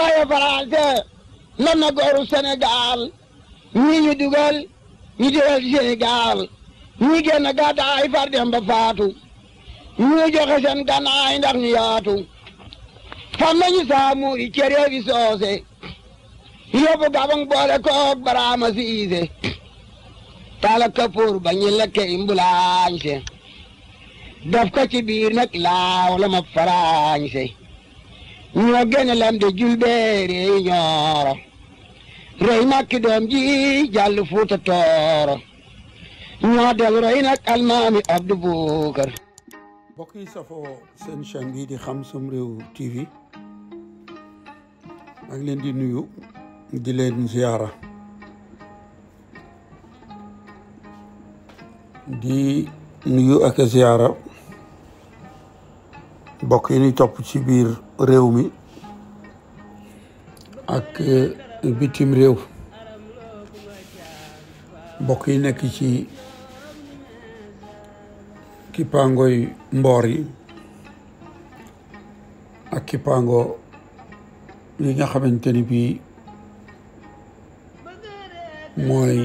waaye Faranse man na gooru Sénégal ñii ñu dugal ñu dugal ci Sénégal ñii génn gàddaay far dem faatu ñii joxe seen gànnaay ndax ñu yaatu fam nañu saamuuri cere soose yóbbu gabang boole koog baraama siise tala kapoor ba ñi lekke imbulaañse daf ko biir nag laaw la ma faraañse ñoo gën a lam de julbeere ñooro rey makki doom ji jàll fuuta tooro ñoo del roy nag almaami Abdu Buukar mbokk safoo seen chaîne di Xam Sam Réew TV maa ngi leen di nuyu di leen ziyaara di nuyu ak ziyaara mbokk yi ñuy topp ci biir réew mi ak eh, bitim réew mbokk yi nekk ci kippaangoy mboor yi ak kippaango yi nga xamante ni bii mooy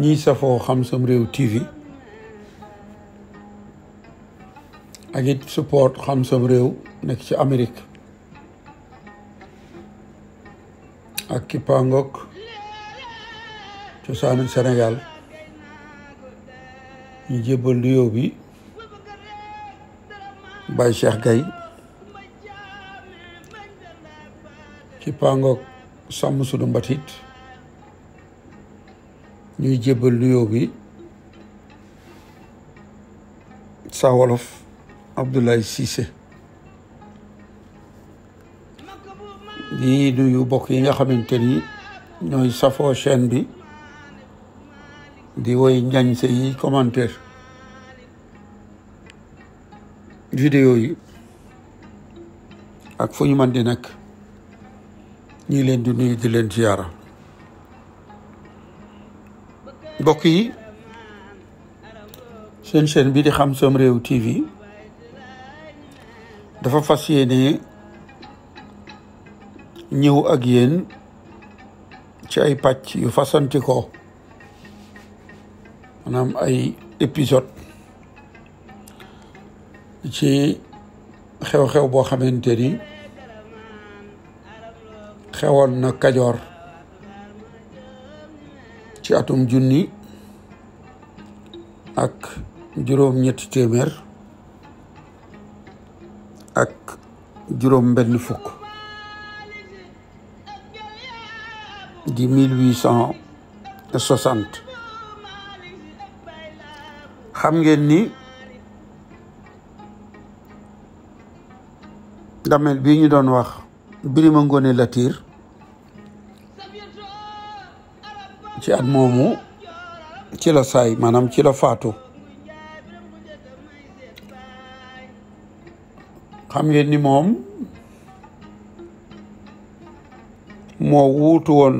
ñii safoo Xam Sam Réew TV ak it support xam sam réew nekk ci Amérique ak ki pangok cosaanu Sénégal ñu jébbal nuyoo bi bay Cheikh gay ki pangok sàmm sunu mbatit ñuy jébbal nuyoo bi Saa Wolof Abdoulaye Cissé di yu bokk yi nga xamante ni ñooy safoo chaîne bi di woy njañ sa yi commentaire vidéo yi ak fu ñu mën di nekk ñi leen di nuyu di leen ziyaara bokk yi seen chaîne bi di Xam Sam Réew TV dafa fas yéene ñëw ak yéen ci ay pàcc yu fasanti ko maanaam ay épisode ci xew-xew boo xamante ni xewoon na Kajoor ci atum junni ak juróom ñetti téeméer ak juróom benn fukk di 1860 xam ngeen ni damel bii ñu doon wax Birima Ngone Latiir ci at moomu ci la saay maanaam ci la faatu xam ngeen ni moom moo wuutu woon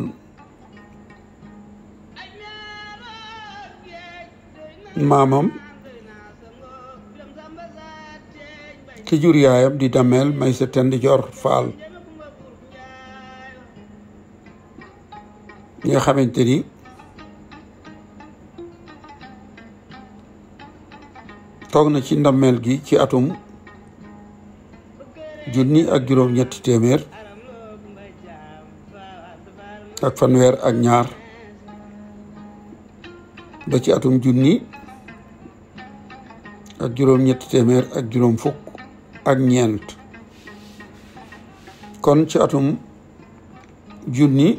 maamam ki jur yaayam di dameel may sa tend jor faal ñi nga xamante ni toog na ci ndameel gi ci atum junni ak juróom-ñetti téeméer ak fanweer ak ñaar ba ci atum junni ak juróom-ñetti téeméer ak juróom fukk ak ñeent kon ci atum junni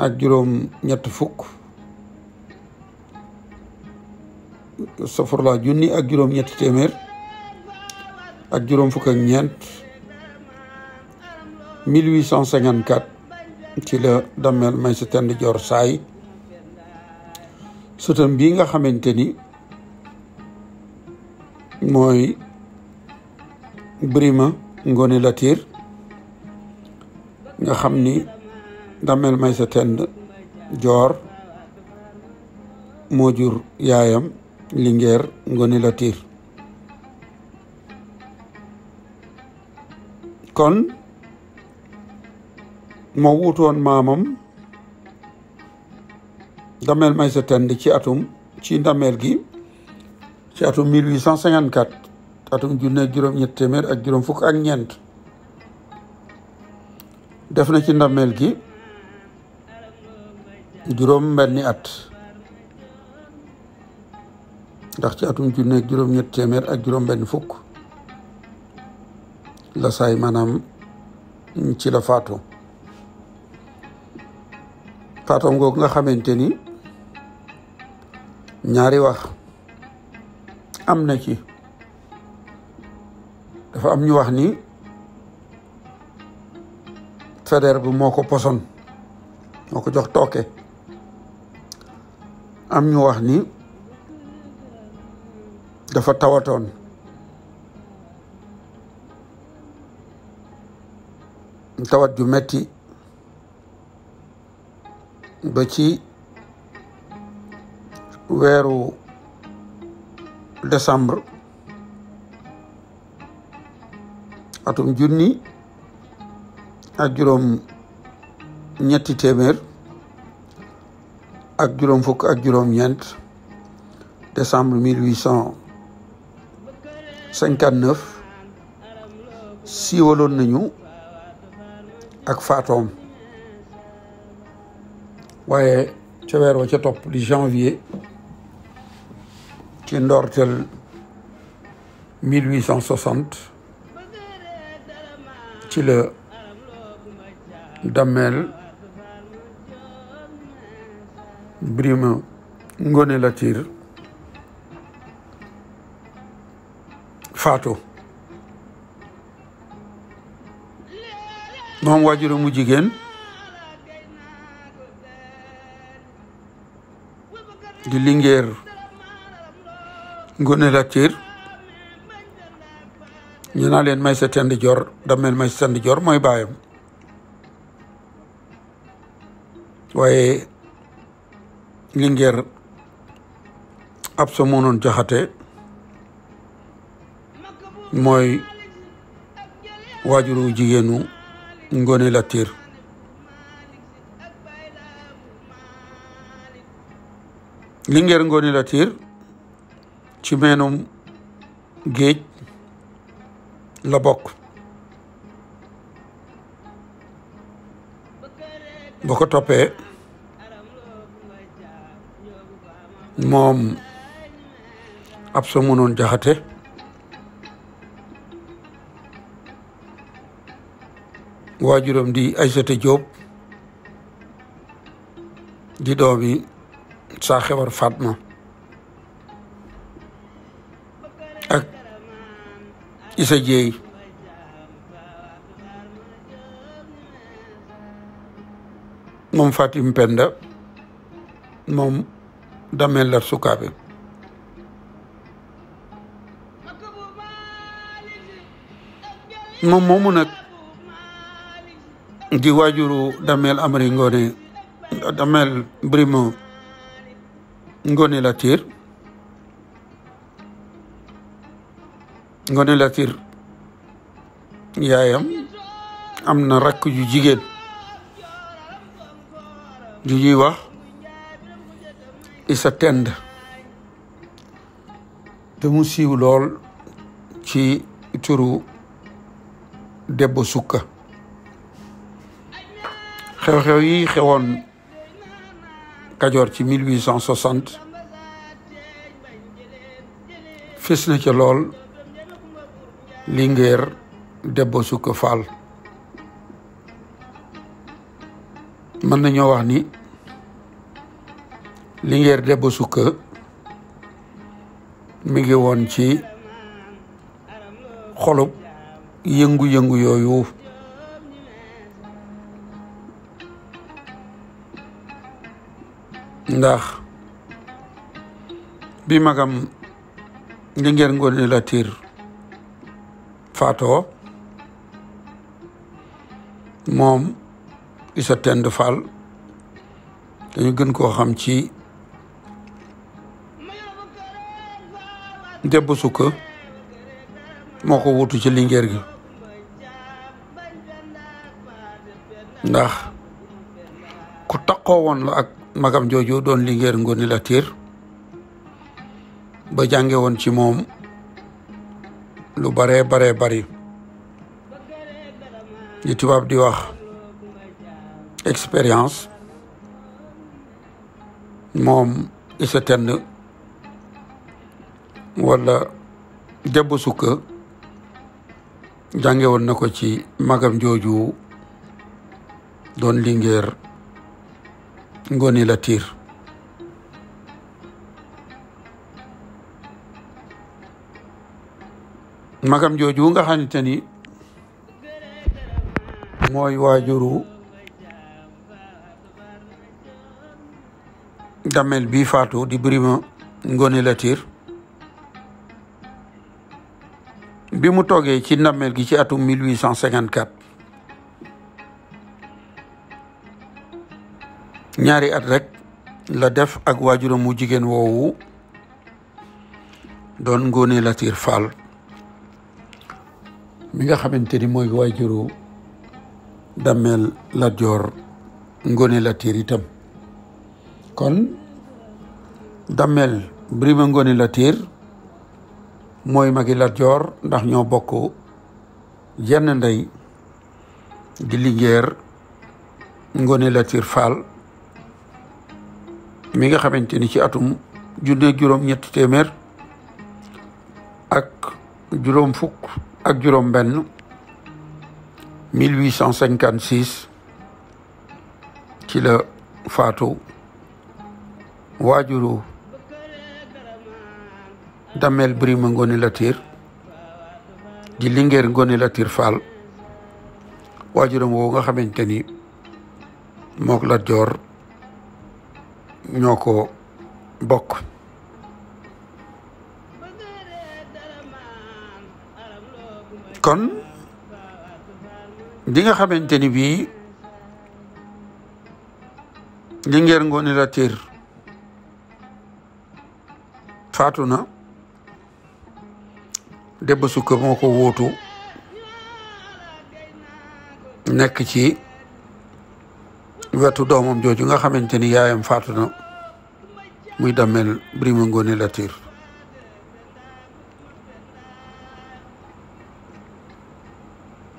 ak juróom ñett fukk safarla junni ak juróom ñetti téeméer ak juróom fukk ak ñeent 1854 ci la damel may sa tend joor saay sëtam bii nga xamante ni mooy Birima Ngone Latir nga xam ni may sa tend joor moo jur yaayam Ngone Latir kon moo wutoon maamam Damel Maysa Tend ci atum ci ndameel gi ci atum 1854 atum junne juróom-ñett téeméer ak juróom fukk ak ñeent def na ci ndameel gi juróom benni at ndax ci atum junne juróom-ñett téeméer ak juróom fukk la say manam ci la faatoo faatoom googu nga xamante ni ñaari wax am ci dafa am ñu wax ni fader bu moo ko poson moo ko jox tooke am ñu wax ni dafa tawatoon tawat ju metti ba ci weeru décembre atum junni ak juróom ñetti téeméer ak juróom fukk ak juróom ñeent décembre mille huit cent cinquante neuf siiwaloon nañu ak faatoom waaye ca weer wa ca topp di janvier ci ndoortel mille huit cent ci la dammeel Birima Ngone Latyr faato moom waajuru mu jigéen di Linguère Ngoné Latyr naa leen may sa tend jor may sa tend mooy baayam waaye Linguère ab sa moonoon jaxate mooy waajuru Ngoné latir Linguère Ngoné Latyr ci meenum géej la bokk boo ko toppee moom ab sa munoon waajuram di Aïssata Diop di doomi saa xewar Fatma ak Issa Dieye moom Fatim Penda moom Damel Lar Sukaabe moom moomu nag di wajuru damel amri ngone damel brimo ngone latir ngone latir yaayam am rakku rakk ju jigen ju ñuy wax isa tend te mu siiw lool ci turu debbo sukka xew-xew yi xewoon Kajoor ci 1860 fis na ci lool Linguère Debbo Sukk Faal mën nañoo wax ni Linguère Debbo Sukk mi ngi woon ci xolub yëngu-yëngu yooyu ndax bi magam lingeer la tir faatoo moom isa tend fall dañu gën koo xam ci debbu sukka moo ko wutu ci lingeer gi ndax ku taqoo woon la ak magam jooju doon liggéeyal Ngoni Latir ba jànge ci moom lu bare bare bari li tubaab di wax expérience moom isa tenn wala debbu sukka jànge na ko ci magam jooju doon lingeer Ngóone Latiir magam jooju nga xamante ni mooy waajuru damel bi faatu di Birima la tiir bi mu toogee ci ndamel gi ci atum 1854 ñaari at rek la def ak mu jigen wowu don ngone la tir fal mi nga xamanteni moy damel Damel Lat ngone la tir itam kon Damel ngone la tir moy magi la Joor ndax ño bokku yenn ndey di ngone la tir fal mi nga xamante ni ci atum junne juróom ñett téeméer ak juróom fukk ak juróom benn 1856 ci la faatu waajuru damel Birima Ngoni tir di Linguère Ngoni Latir fal waajuram wo nga xamanteni mok la jor ñoo ko bokk kon di nga xamante ni bii li Nguer Ngoné Latyr faatu na Debba Sukka moo ko wóotu nekk ci wetu doomam jooju nga xamante ni yaayam faatu muy dammel Birima Ngóone Latiir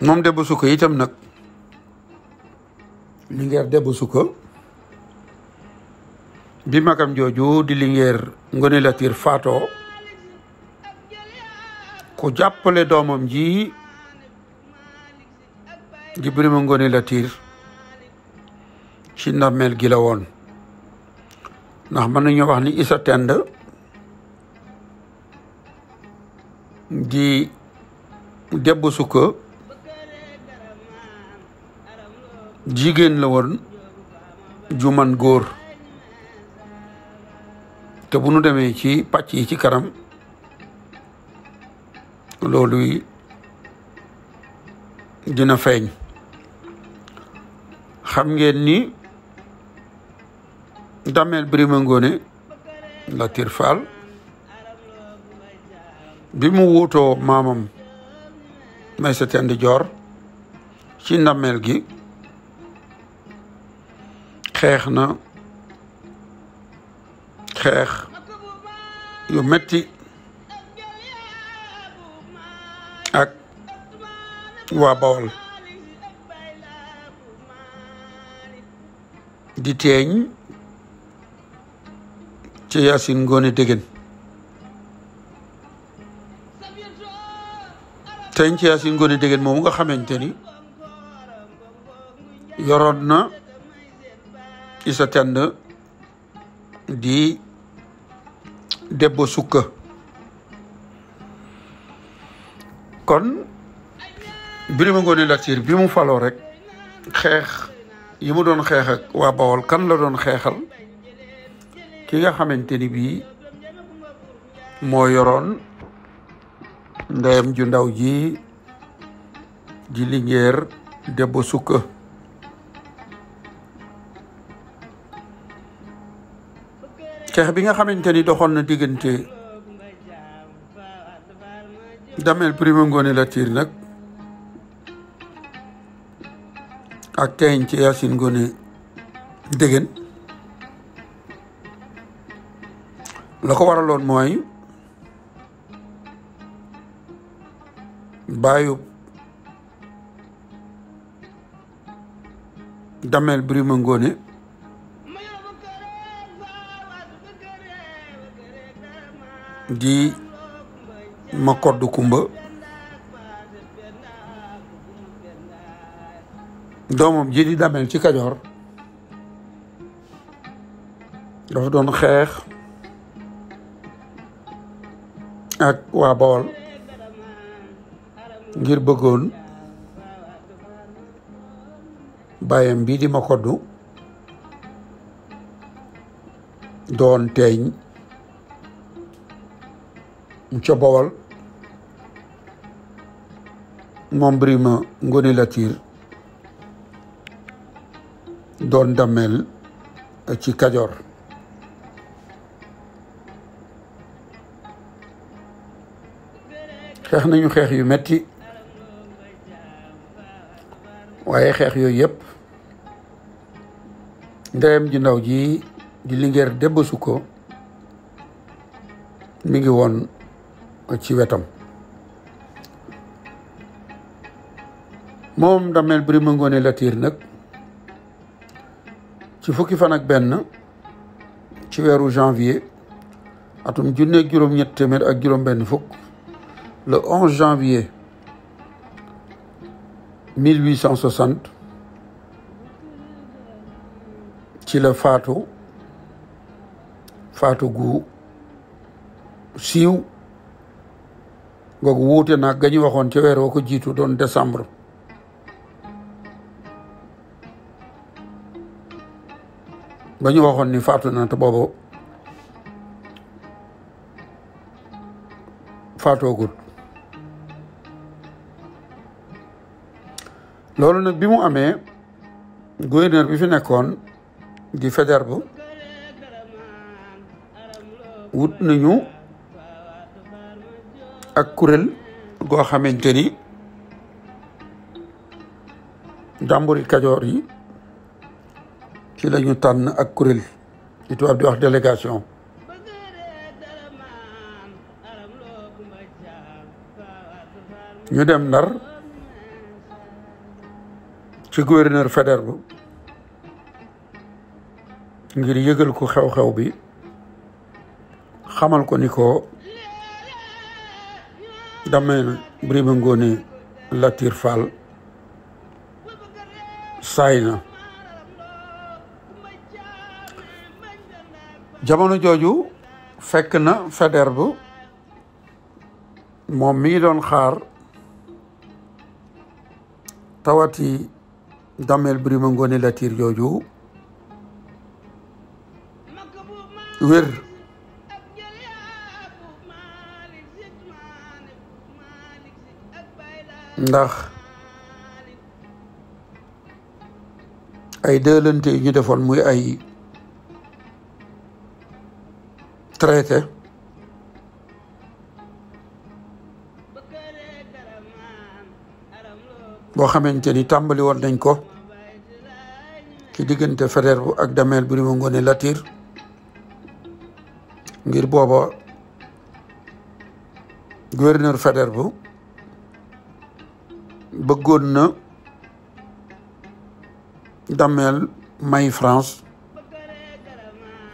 moom Debba Souka itam nag Linguère Debba Souka bi magam jooju di Linguère Ngóone Latiir faatoo ku jàppale doomam ji di Birima Ngóone Latiir ci ndàmmeel gi la woon ndax mën nañu wax ni Issa Tend di Debba Souka jigéen la woon ju góor te bu nu demee ci pàcc yi ci kanam loolu dina feeñ xam ngeen ni Damel Birima Ngone Latir bi mu wuutoo maamam Maysata Ndi Joor ci ndameel gi xeex na xeex yu metti ak waa Bawol di teeñ ca Yacine Ngoone Degen teñ ci Yacine Ngoone Degen moomu nga xamante ni yoroon na ci sa di debbo sukka kon Birima Ngoone Latiir bi mu faloo rek xeex yi mu doon xeex ak waa Bawol kan la doon xeexal ki nga xamanteni bi bii moo yoroon ndeyam ju ndaw ji di Linguère Debbo Sukka xeex bi nga xamanteni ni doxoon na diggante Damel ngone la Latyr nak ak Teeñ ci yasin ngone degen la ko waraloon mooy bàyyu Damel Birima Ngóone di ma koddu kumba doomam ji di Damel ci Kajoor dafa doon xeex ak waa Bawol ngir bëggoon bàyyam bii di ma koddu doon teeñ mu ca moom Birima Ngóone Latiir doon dammeel ci Kajoor xeex nañu xeex yu metti waaye xeex yooyu yëpp ndeyam ji ndaw ji di Linguère Demba Suko mi ngi woon ci wetam moom Damel Birima Ngone Latir nag ci fukki fan ak benn ci weeru janvier atum junne juróom-ñett téeméer ak juróom-benn fukk le 11 janvier 1860 ci le Fato, Fato gu siiw Gogu n'a n'a ga ñu waxoon ci weer décembre Gagné ñu ni faatu na Bobo. Fato Gou, loolu nag bi mu amee gouverneur bi fi nekkoon di Faidherbe wut nañu ak kuréel goo xamante ni jàmburi kajoor yi ci la ñu tànn ak kuréel yi tubaab di wax délégation ñu dem Ndar ci gouverneur Faidherbe ngir yëgal ko xew-xew bi xamal ko ni ko dameen Birima Ngóone Latir Fall saay na jamono jooju fekk na Faidherbe moom mii doon xaar tawati dameel Birima Ngóone Latiir jooju wér ndax ay dëlante yu ñu defoon muy ay traité boo xamante ni tàmbali woon nañ ko ki diggante Faidherbe bu ak Damel Birima Ngone Latir ngir booba gouverneur Faidherbe bu bëggoon na Damel may France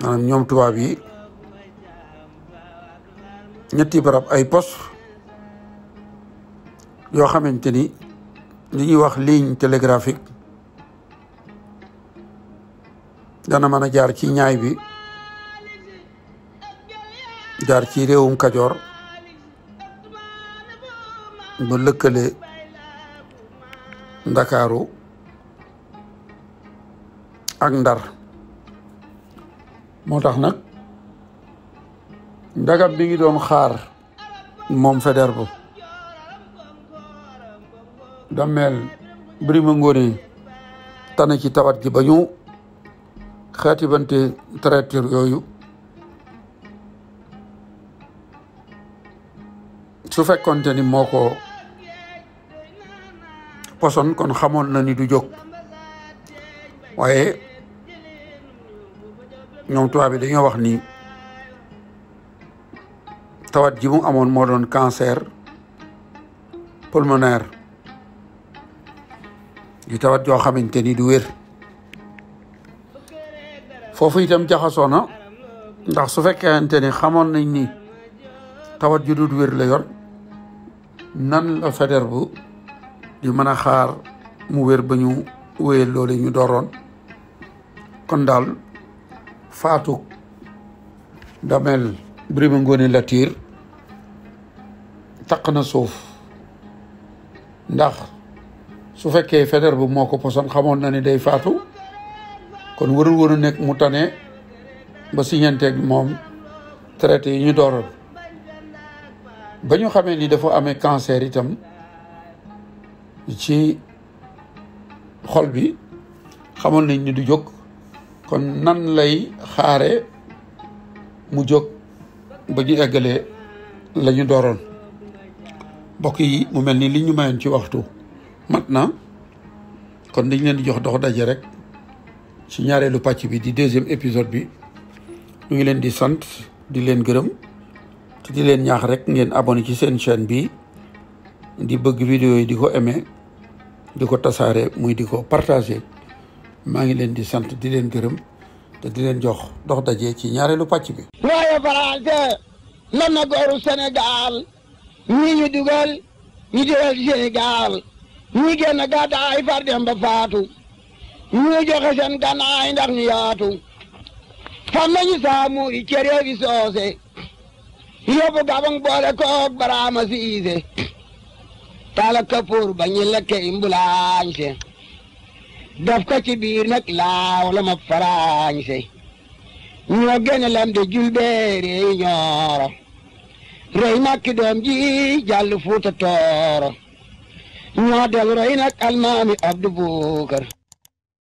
maanaam ñoom tubaab yi ñetti barab ay poste yoo xamante ni li ñuy wax liiñ télégraphique dana mën a jaar ci ñaay bi jaar ci réewum Kajoor ba lëkkale Ndakaaru ak Ndar moo tax nag ndagab bi ngi doon xaar moom Faidherbe Damel, brima ngori tane ci tawat gi bañu xati bante traiteur yoyu su fekkonte ni moko poson kon xamon na ni du jog waye ñom tuwa bi dañu wax ni tawat ji mu amon mo cancer pulmonaire di tawat joo xamante ni du wér foofu itam jaxasoo ndax su fekkente ni xamoon nañ ni tawat ju dul wér la yor nan la feder bu di mën a xaar mu wér ba ñu wéyal loolu ñu dooroon kon daal faatu damel Birima Ngóone Latiir taq na suuf ndax su fekkee fedeer bu moo ko poson xamoon na ni day faatu kon warul woon a nekk mu tane ba siñanteeg moom traité yi ñu dooroon ba ñu xamee ni dafa amee cancer itam ci xol bi xamoon nañ ni du jóg kon nan lay xaare mu jóg ba ñu eggalee lañu dooroon mbokk yi mu mel ni li ñu mayoon ci waxtu maintenant kon dañ leen di jox dox daje rek ci ñaareelu pàcc bi di deuxième épisode bi ñu ngi leen di sant di leen gërëm te di leen ñaax rek ngeen abonné ci seen chaîne bi di bëgg vidéo yi di ko aimé di ko tasaare muy di ko partagé maa ngi leen di sant di leen gërëm te di leen jox dox daje ci ñaareelu pàcc bi waaye français lan na gooru Sénégal ñi ñu dugal ñu dugal Sénégal ñi génn gàddaay far dem ba faatu ñu joxe seen gànnaay ndax ñu yaatu fam nañu saamu yi ca réewi soose gabang boole koog baraama siise tala ba ñu lekke imbulaañse daf ko ci biir laaw la ma faraañse ñoo génn lam de julbeere ñooro rey makki doom ji jàll fuuta tooro ñoo del roy nag almaami Abdu Bukar